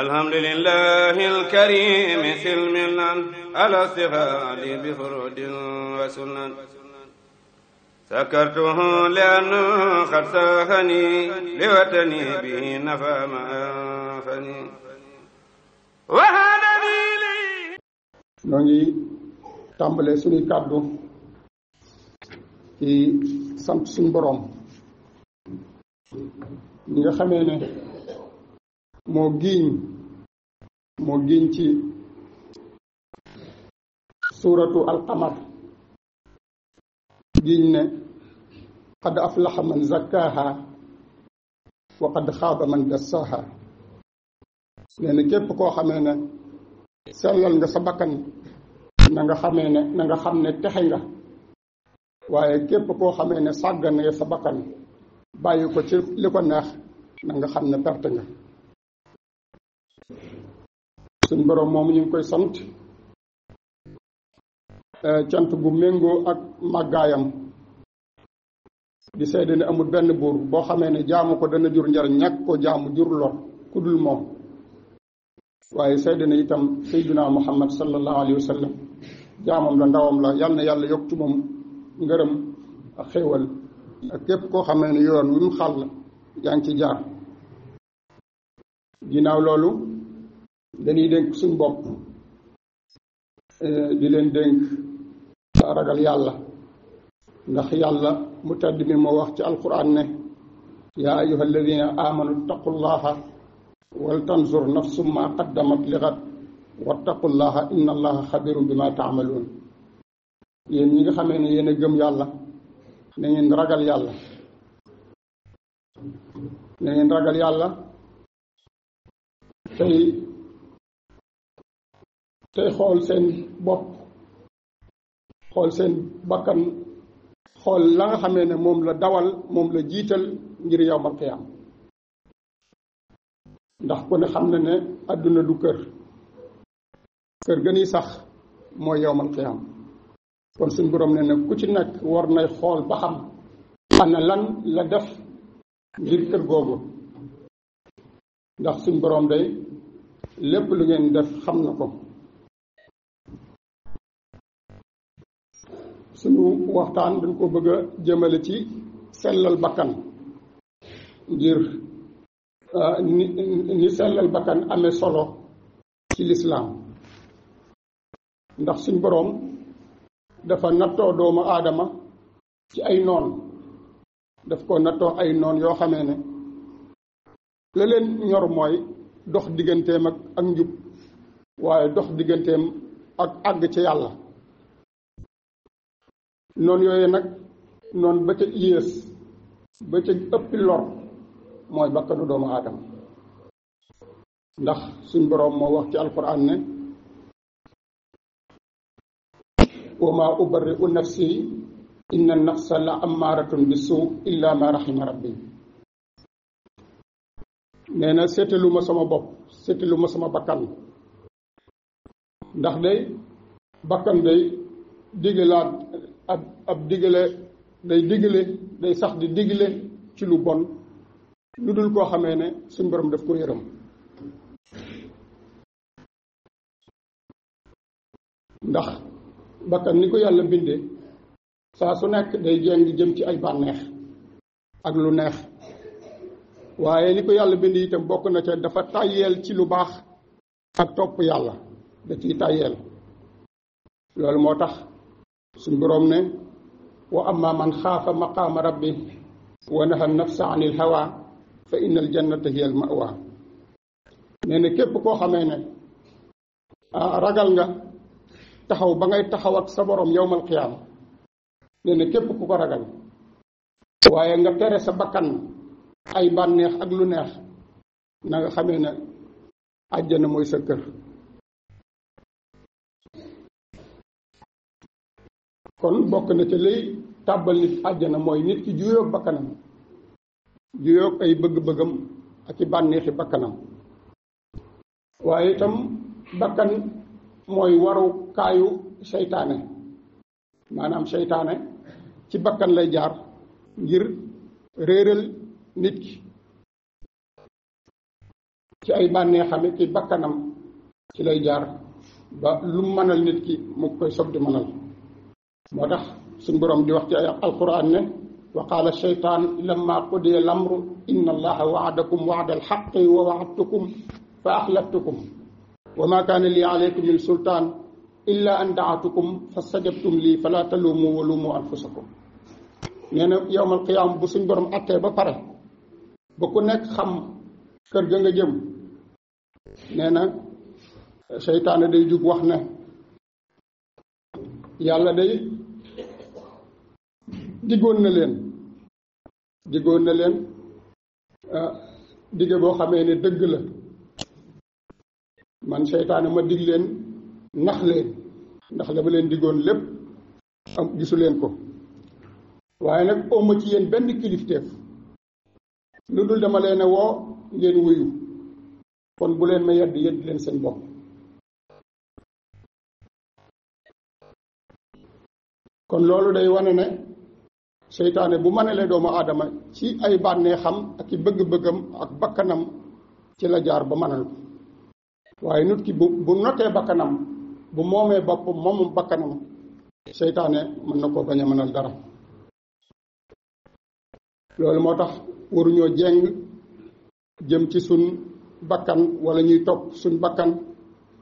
alhamdulillahi alkarimi silmilan alastifaad bifurud wa sunan sakartuhu lianna qad saahani liwatani bihi nafa ma anfani ñoo ngi tàmbalee suñuy kàddu ci sant suñu boroom ñi nga xamee ne moo giiñ moo giiñ ci suuratu alqamar giiñ ne qad aflaxa man zakkaaha wa qad xaaba man dassaaha nee na képp koo xamee ne sellal nga sa bakkan na nga xamee ne na nga xam ne texe nga waaye képp koo xamee ne sàgganee sa bakkan bàyyi ko ci li na nga xam ne perte nga suñ boroom moomu ñu ngi koy sant eh, cant bu méngoo ak màggaayam di seede ne amul benn buur boo xamee ne jaamu ko dana jur njariñ ñàkk ko jaamu jur lor ku dul moom waaye seede itam sayyidina muhammad sallallahu alayhi sallam jaamam la ndawam la yal na yàlla yokk ci moom ngërëm ak xéewal képp koo xamee ne yoon wi mu xàll yaa jaar ginnaaw loolu dañuy dénk suñ bopp eh, di leen dénk ragal yàlla ndax yàlla mu tedd mi moo wax ci alquran ne yaa ayuha alladina amanu taqullaha wal tanzur nafsum ma qaddamat ligat wattaqullaha inna allaha xabirum bi ma taamaluun yéen ñi nga xamee na yéen a gëm yàlla na ngeen ragal yàlla na ngeen ragal yàlla tey tey xool seen bopp xool seen bakkan xool la nga xamee ne moom la dawal moom la jiital ngir yawmal qiyaam ndax ku ne xam na ne àdduna du kër kër gëni sax mooy yawmal qiyaam kon suñ boroom ne ne ku ci nekk war nay xool ba xam xana lan la def ngir kër googu ndax suñ boroom day lépp lu ngeen def xam na ko suñu waxtaan dañ ko bëgg jëmale ci sellal bakkan ngir ah, ni ni sellal bakkan amee solo ci lislaam ndax suñ boroom dafa nattoo doomu aadama ci ay noon daf ko nattoo ay noon yoo xamee ne la leen ñor mooy dox digganteem ak njub waaye dox digganteem ak àgg ci yàlla noonu yooyu nag noonu ba ca yées ba ca ëppi lor mooy bakkanu doomu aadama ndax suñ boroom moo wax ci alquran ne wa maa ubarri'u nafsi inna nafsa la amaaratun bi suu illa ma rahima rabbi nee na seetalu ma sama bopp seetalu ma sama bakkan ndax day bakkan day digalaat ab ab digale day digale day sax di digale ci lu bon lu dul koo xamee ne suñ borom daf ko yërëm ndax bakkan ni ko yàlla bindee saa su nekk day jéng jëm ci ay bànneex ak lu neex waaye ni ko yàlla bindee yitam bokk na ca dafa tàyyeel ci lu baax ak topp yàlla da ciy tàyyeel loolu moo tax suñ boroom ne wa amma man xaafa maqaama rabbi wa naha nafsa anil hawa fa innal jannata hiyal mawa nee na képp koo xamee ne ah, ragal nga taxaw ba ngay taxaw ak sa boroom yowmal qiyaama nee na képp ku ko ragal waaye nga tere sa bakkan ay bànneex ak lu neex na nga xamee ne mooy sa kër kon bokk na ci lay tàbbal nit àjjana mooy nit ki juyoog bakkanam juyoog ay bëgg-bëggam ak i bànneexi bakkanam waaye itam bakkan mooy waru kaayu seytaane maanaam seytaane ci bakkan lay jaar ngir réeral nit ki ci ay bànneexam i bakkanam ci lay jaar ba lu mënal nit ki mu koy sob di mënal moo tax suñ borom di wax ci ay alquran ne wa qaala shaytaan lamma qudiya al-amru inna allaha waadakum waada alxaqi wa waadtukum fa axlaftukum wa ma kaana li alaykum min sultaan illa an daatukum fastajabtum lii fala talumu wa lumu anfusakum nee na yowmal bu suñ borom ba pare ba ku nekk xam kër ga nga jëm nee na seytaane day wax ne yàlla day diggoon na leen diggoon na leen ah, digge boo xamee ne dëgg la man seytaane ma dig leen nax leen ndax la ba leen diggoon lépp am gisu leen ko waaye nag oma ci yéen benn kilifteef lu dul dama leen a woo ngeen wuyu kon bu leen ma yedd yedd leen seen bopp kon loolu day wane ne seytaane bu mënalee doomu aadama ci ay bànneexam ak i bëgg-bëggam ak bakkanam ci la jaar ba mënal ko waaye nit ki bu bu notee bakkanam bu moomee bopp moomum bakkanam seytaane mën na koo bañ a mënal dara loolu moo tax waruñoo jeng jëm ci suñ bakkan walla ñuy topp suñ bakkan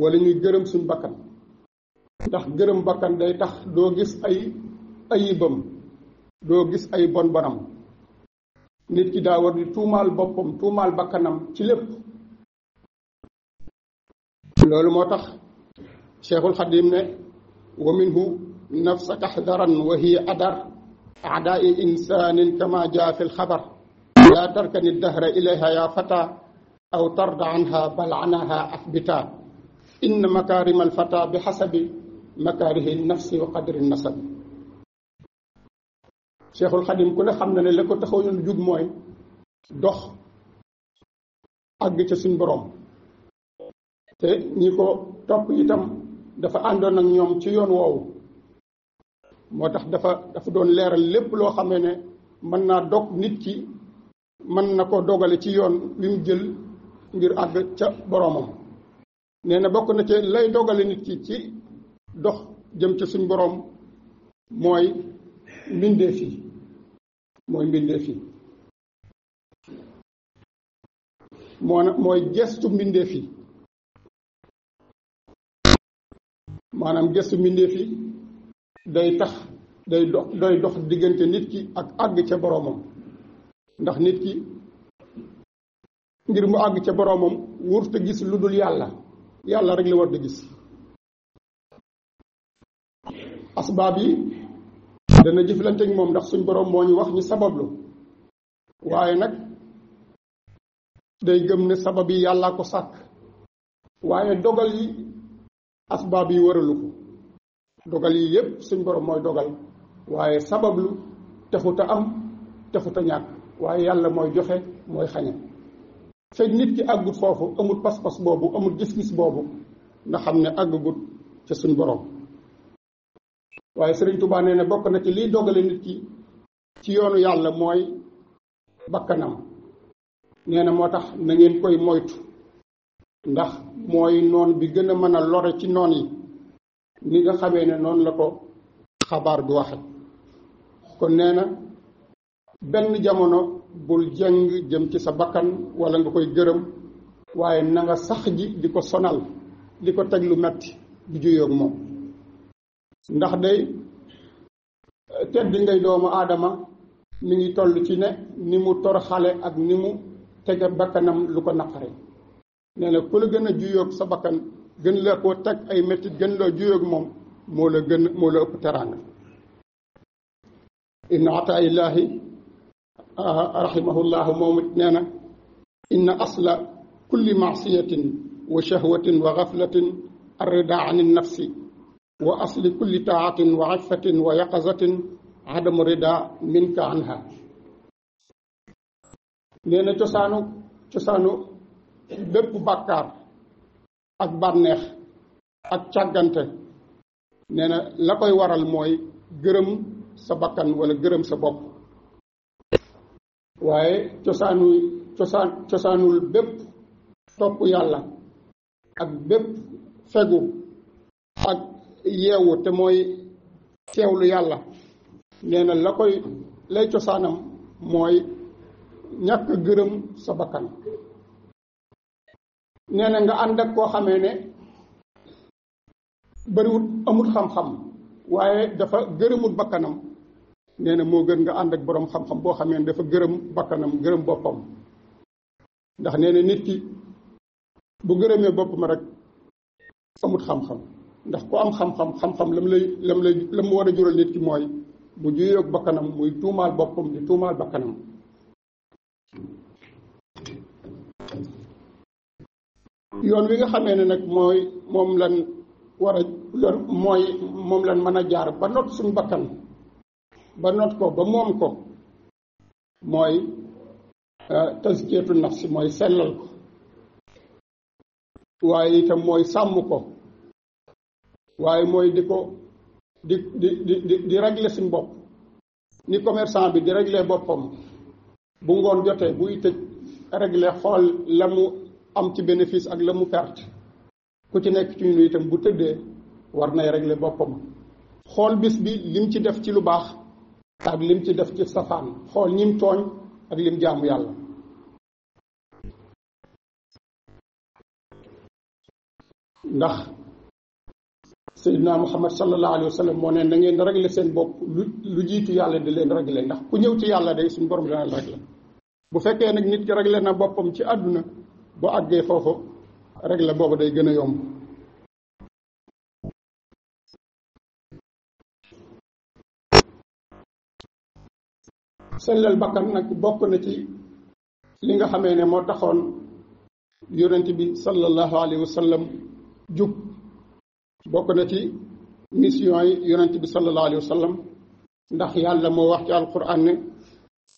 walla ñuy gërëm suñ bakkan ndax gërëm bakkan day tax doo gis ay ayibam doo gis ay bon bonam nit ki daa war di tuumaal boppam tuumaal bakkanam ci lépp loolu moo tax cheikhul xadim ne wa minhu nafsaka xdaran wa hiya adar aadaai insanin kama jaa fi lxabar laa tarkani dahra ilayha ya fata aw tarda anha bal anaha afbita inna makarima alfata bi xasabi makarihi nafsi wa qadri nasabi Cheikhul Xadim ku ne xam na ne la ko taxaw yoon jug mooy dox àgg ca suñ boroom te ñi ko topp itam dafa àndoon ak ñoom ci yoon woowu moo tax dafa dafa doon leeral lépp loo xamee ne mën naa dog nit ki mën na koo dogale ci yoon wi mu jël ngir àgg ca boroomam nee na bokk na ci lay dogale nit ki ci dox jëm ca suñ boroom mooy mbindeef yi mooy mbindeef yi moo na mooy gestu mbindeef yi maanaam gestu mbindeef yi day tax day dox day dox diggante nit ki ak àgg ca boroomam ndax nit ki ngir mu àgg ca boroomam wurta gis lu dul yàlla yàlla rek la war di gis asbaab yi dana jëflante ak moom ndax suñ borom moo ñu wax ñu sabablu waaye nag day gëm ne sabab yi yàllaa ko sàkk waaye dogal yi asbaab yi waralu ko dogal yi yépp suñ boroom mooy dogal waaye sabablu taxut a am taxut a ñàkk waaye yàlla mooy joxe mooy xañe fekk nit ki àggut foofu amul pas-pas boobu amul gis-gis boobu nga xam ne àggagut ca suñ borom waaye sëriñ Touba nee na bokk na ci lii dogale nit ki ci yoonu yàlla mooy bakkanam nee na moo tax na ngeen koy moytu ndax mooy noon bi gën a mën a lore ci noon yi ni nga xamee ne noonu la ko xabaar bi waxe kon nee na benn jamono bul jeng jëm ci sa bakkan wala nga koy gërëm waaye na nga sax ji di ko sonal di ko teg lu metti du juyóog moom ndax day tedd ngay doomu aadama mi ngi toll ci ne nimu mu tor xale ak ni mu tege bakkanam lu ko naqare nee na ku la gën a juyoog sa bakkan gën la ko teg ay métit gën loo juyoog moom moo la gën moo la ëpp teraanga inna ataa illaahi rahimahullahu moom it nee na inna asla kulli maasiyatin wa shahwatin wa gaflatin arridaa an nafsi wa asli kulli taatin wa ajfatin wa yaqazatin adamu rida minka anha nee na cosaanu bépp bàkkaar ak bànneex ak càggante nee la koy waral mooy gërëm sa bakkan wala gërëm sa bopp waaye cosaanu cosaan cosaanul bépp topp yàlla ak bépp fegu ak yeewu te mooy teewlu yàlla nee na la koy lay cosaanam mooy ñàkk gërëm sa bakkan nee na nga ànd ak koo xamee ne bariwut amut xam-xam waaye dafa gërëmut bakkanam nee na moo gën nga ànd ak boroom xam-xam boo xamee ne dafa gërëm bakkanam gërëm boppam ndax nee na nit ki bu gërëmee boppam rek amut xam-xam ndax ku am xam-xam xam-xam lam lay lam lay la mu war a jural nit ki mooy bu juyoog bakkanam muy tuumaal boppam di tuumaal bakkanam yoon wi nga xamee ne nag mooy moom lan war a yoon moom lan mën a jaar ba not suñu bakkan ba not ko ba moom ko mooy euh, tasjeetu nafsi mooy sellal ko waaye itam mooy sàmm ko waaye mooy di ko di di di di régler suñu bopp ni commerçant bi di régler boppam bu ngoon jotee bu itam régler xool la mu am ci bénéfice ak la mu perte ku ci nekk ci ñun itam bu tëddee war nay régler boppam xool bis bi lim ci def ci lu baax ak lim ci def ci safaan xool ñim tooñ ak lim jaamu yàlla ndax Seydina Muhammad sallallahu alayhi wa moo ne na ngeen régler seen bopp lu jiitu yàlla di leen régler ndax ku ñëw ci yàlla day suñu borom dana régler bu fekkee nag nit ki régler na boppam ci àdduna bu àggee foofu régler boobu day gën a yomb. sellal bakkan nag bokk na ci li nga xamee ne moo taxoon yonent bi sallallahu alayhi wa jub. bokk na ci mission yi yonent bi sallallahu alayhi wa sallam ndax yàlla moo wax ci alquran ne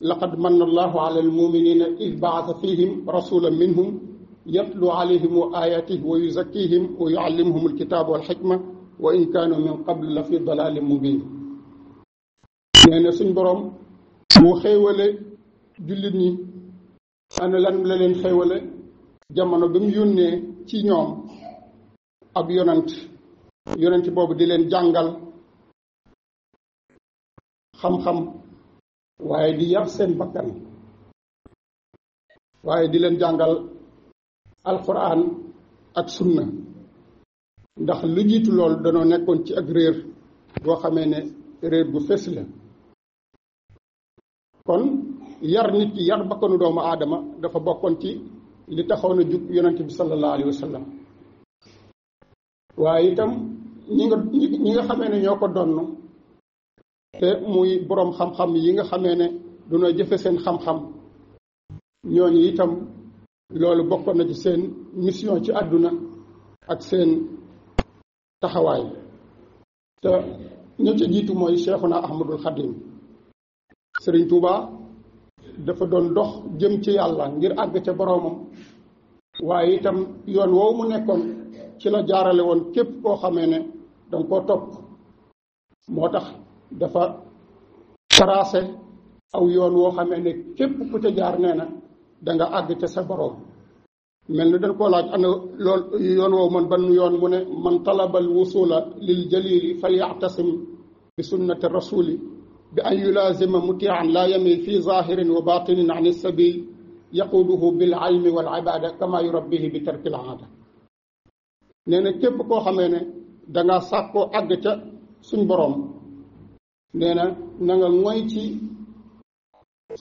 laqad manna allahu ala almuminina id baasa fihim rasulan minhum yatlu alayhim wa ayatihi wa yuzakkihim wa yuallimuhum alkitaaba walxikma wa in kaanu min qabl la fi dalalin mubin suñ boroom moo xéewale jullit ana lan la leen xéewale jamono bi mu yónnee ci ñoom ab yonant yonent boobu di leen jàngal xam-xam waaye di yar seen bakkan waaye di leen jàngal alquran ak sunna ndax lu jiitu lool danoo nekkoon ci ak réer boo xamee ne réer bu fees la kon yar nit ki yar bakkanu doomu aadama dafa bokkoon ci li taxoon a jug yonent bi sallallahu alayhi wa sallam waaye itam ñi nga ñi ne ñoo ko donn te muy boroom xam-xam yi nga xamee ne duna jëfe seen xam-xam ñooñu itam loolu bokkoon na ci seen mission ci àdduna ak seen taxawaay te ñu ca jiitu mooy Cheikhuna Ahmadul Xadim Sëriñ Tuuba dafa doon dox jëm ci yàlla ngir àgg ca boroomam waaye itam yoon woowu mu nekkoon ci la jaarale woon képp koo xamee ne danga koo topp moo tax dafa tracé aw yoon woo xamee ne képp ku jaar nee na da nga àgg te sa boroom mel ni dañ koo laaj ana lool yoon woowu man ban yoon mu ne man talabal wusula lil jalili fal yaxtasim bi sunnati rasuli bi an yulaazima mutian laa yamil fi zahirin wa batinin an sabil yaquduhu bil ilmi wal ibada kama yurabbihi bi tarkil aada nee na képp koo xamee ne danga sàkkoo àgg ca suñ boroom nee na na nga moy ci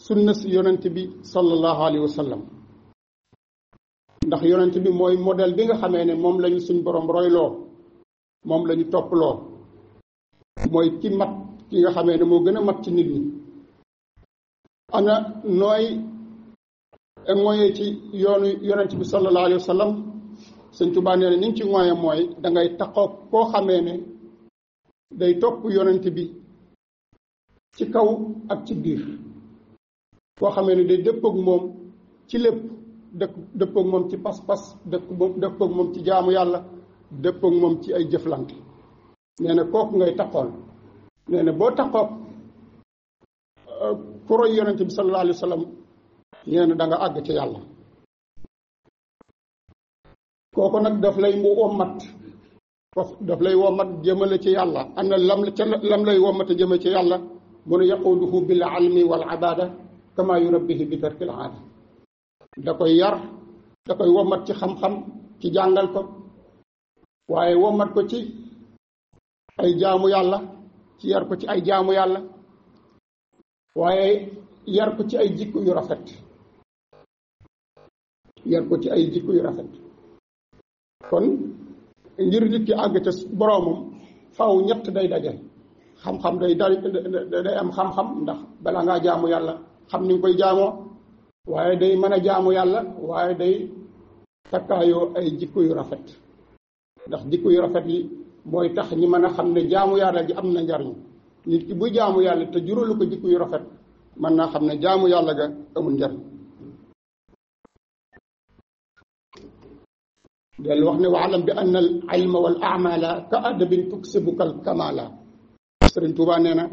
sunna si yonent bi sallallahu alayhi wa sallam ndax yonent bi mooy model bi nga xamee ne moom lañu suñ boroom royloo moom lañu topploo mooy ki mat ki nga xamee ne moo gën a mat ci nit ñi ana nooy moye ci yoonu yonent bi sallallahu alayhi wa sëñ Tuubaa nee na ni nga ci moyen mooy da ngay taxaw koo xamee ne day topp yonent bi ci kaw ak ci biir koo xamee ne day dëppoog moom ci lépp dëkk dëppoog moom ci pas-pas dëkk moom dëppoog moom ci jaamu yàlla dëppoog moom ci ay jëflante nee ne kooku ngay taxool nee ne boo taxoog ku roy yonent bi sallallahu alayhi wa sallam da nga àgg ci yàlla kooku nag daf lay mu wommat daf lay wommat jëmale ci yàlla ana lam ca lam lay wommate jëme ci yàlla mu ne yaquduhu bil almi wal abada kama yurabbihi bi tarkil aada da koy yar da koy wommat ci xam-xam ci jàngal ko waaye wommat ko ci ay jaamu yàlla ci yar ko ci ay jaamu yàlla waaye yar ko ci ay jikko yu rafet yar ko ci ay jikko yu rafet kon ngir nit ki àgg ca boroomam faw ñett day daje xam-xam day day day am xam-xam ndax balaa ngaa jaamu yàlla xam ni koy jaamoo waaye day mën a jaamu yàlla waaye day takkaayoo ay jikko yu rafet ndax jikko yu rafet yi mooy tax ñi mën a xam ne jaamu yàlla ji am na njariñ nit ki bu jaamu yàlla te juralu ko jikko yu rafet mën naa xam ne jaamu yàlla ga amul njariñ dellu wax ne waalam bi anna al ilma wal amala ka adabin tuksibuka al kamala sëriñ Tuubaa nee na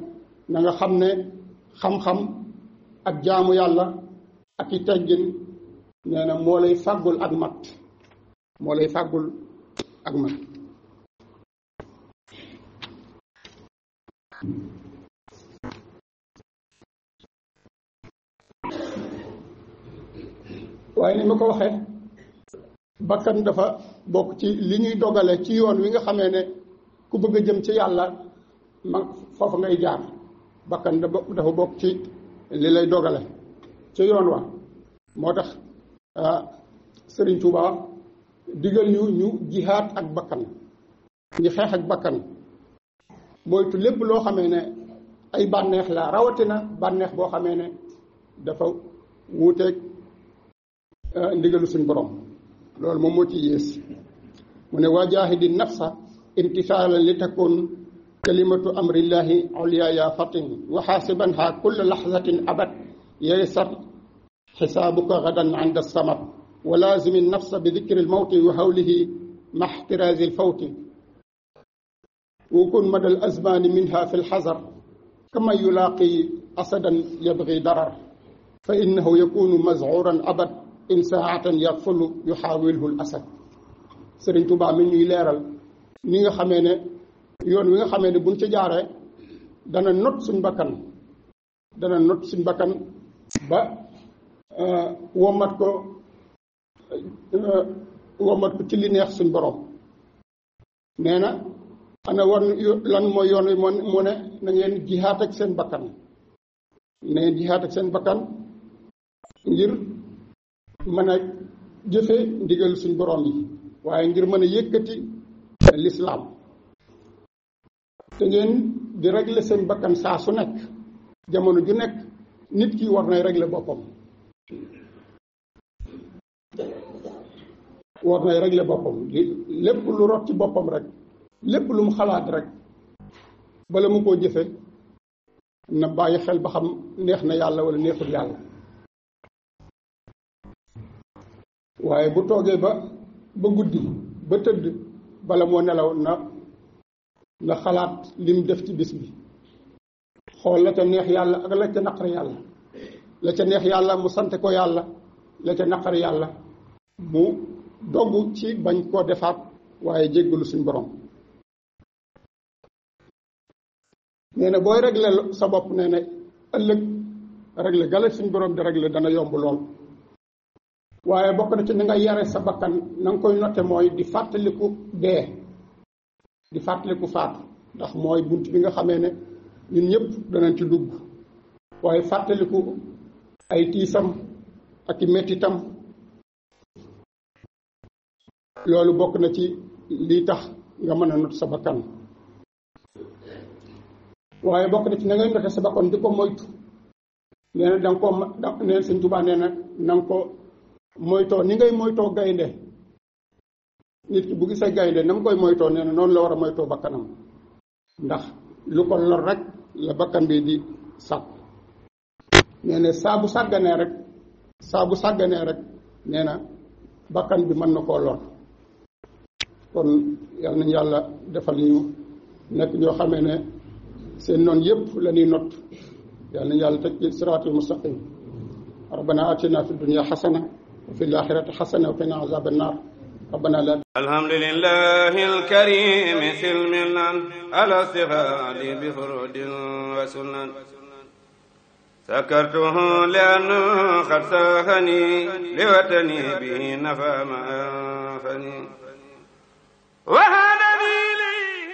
na xam ne xam-xam ak jaamu yàlla ak i teggin nee moo lay fàggul ak mat moo lay fàggul ak mat bakkan dafa bokk ci li ñuy dogale ci yoon wi nga xame ne ku bëgg a jëm ci yàlla ma foofu ngay jaar bakkan dafa bokk ci li lay dogale ci yoon wa moo tax ah, Sëriñ Tuuba digal ñu ñu jihaat ak bakkan ñu xeex ak bakkan moytu lépp loo xamee ne ay bànneex la rawatina bànneex boo xamee ne dafa wuuteeg ah, ndigalu suñ borom loolu moom moo ci yées mu ne wajaahidi nafsa imtisaalan li takun kalimatu amrillahi ulya ya fatin wa xaasibanha kulla lahzatin abad yeysar xisaabuka gadan inda samat wa laazimi nafsa bi dikri lmawti wa hawlihi maxtiraazi lfawti وكن مدى الأزمان منها في الحذر كما يلاقي أسدا يبغي درر فإنه يكون مزعورا أبد in saatan yaqfalu yuxaawilhu l asad sëriñ Tuubaa mi ñuy leeral ni nga xamee ne yoon wi nga xamee ne buñ ca jaaree dana not suñ bakkan dana not suñ bakkan ba euh, womat ko euh, womat ko ci li neex suñ borom nee na ana war lan mooy yoon wi mu ne na ngeen jihaat ak seen bakkan na ngeen jihaat seen bakkan ngir mën a jëfe ndigal suñ borom yi waaye ngir mën a yëkkati lislaam te ngeen di régler seen bakkan saa su nekk jamono ju nekk nit ki war nay régler boppam war nay régler boppam lépp lu rot ci boppam rek lépp lu mu xalaat rek bala mu koo jëfe na bàyyi xel ba xam neex na yàlla wala neexul yàlla waaye bu toogee ba ba guddi ba tëdd bala moo nelaw na na xalaat lim def ci bis bi xool la ca neex yàlla ak la ca naqar yàlla la ca neex yàlla mu sante ko yàlla la ca naqar yàlla mu dogg ci bañ koo defaat waaye jéggalu suñ borom nee na booy réglé sa bopp nee na ëllëg réglé gale suñ borom di regle dana yomb lool waaye bokk na ci ni yare sa bakkan nanga koy noté mooy di fàttaliku dee di fàttaliku faatu ndax mooy bunt bi nga xamee ne ñun ñëpp danañ ci dugg waaye fàttaliku ay tiisam ak mettitam loolu bokk na ci lii tax nga mën a not sa bakkan waaye bokk na ci na ngay noté sa bakkan di ko moytu nee na da nga ko neen nee na na ko moytoo ni ngay moytoo gaynde nit ki bu gisee gaynde na mu koy moytoo nee na noonu la war a moytoo bakkanam ndax lu ko lor rek la bakkan bi di sàkku nee na saa sàgganee rek saa sàgganee rek nee na bakkan bi mën na koo lor kon yal nañu yàlla defal ñu nekk ñoo xamee ne seen noon yëpp la ñuy not yal nañu yàlla teg ci siraatul mustaqim rabbana atina fi dunya xasana وفي الآخرة حسنة وقنا عذاب النار ربنا لا الحمد لله الكريم سلمنا على استفاد بفرود وسنن سكرته لأنه قد ساهني لوطني به نفى ما أنفني وهذا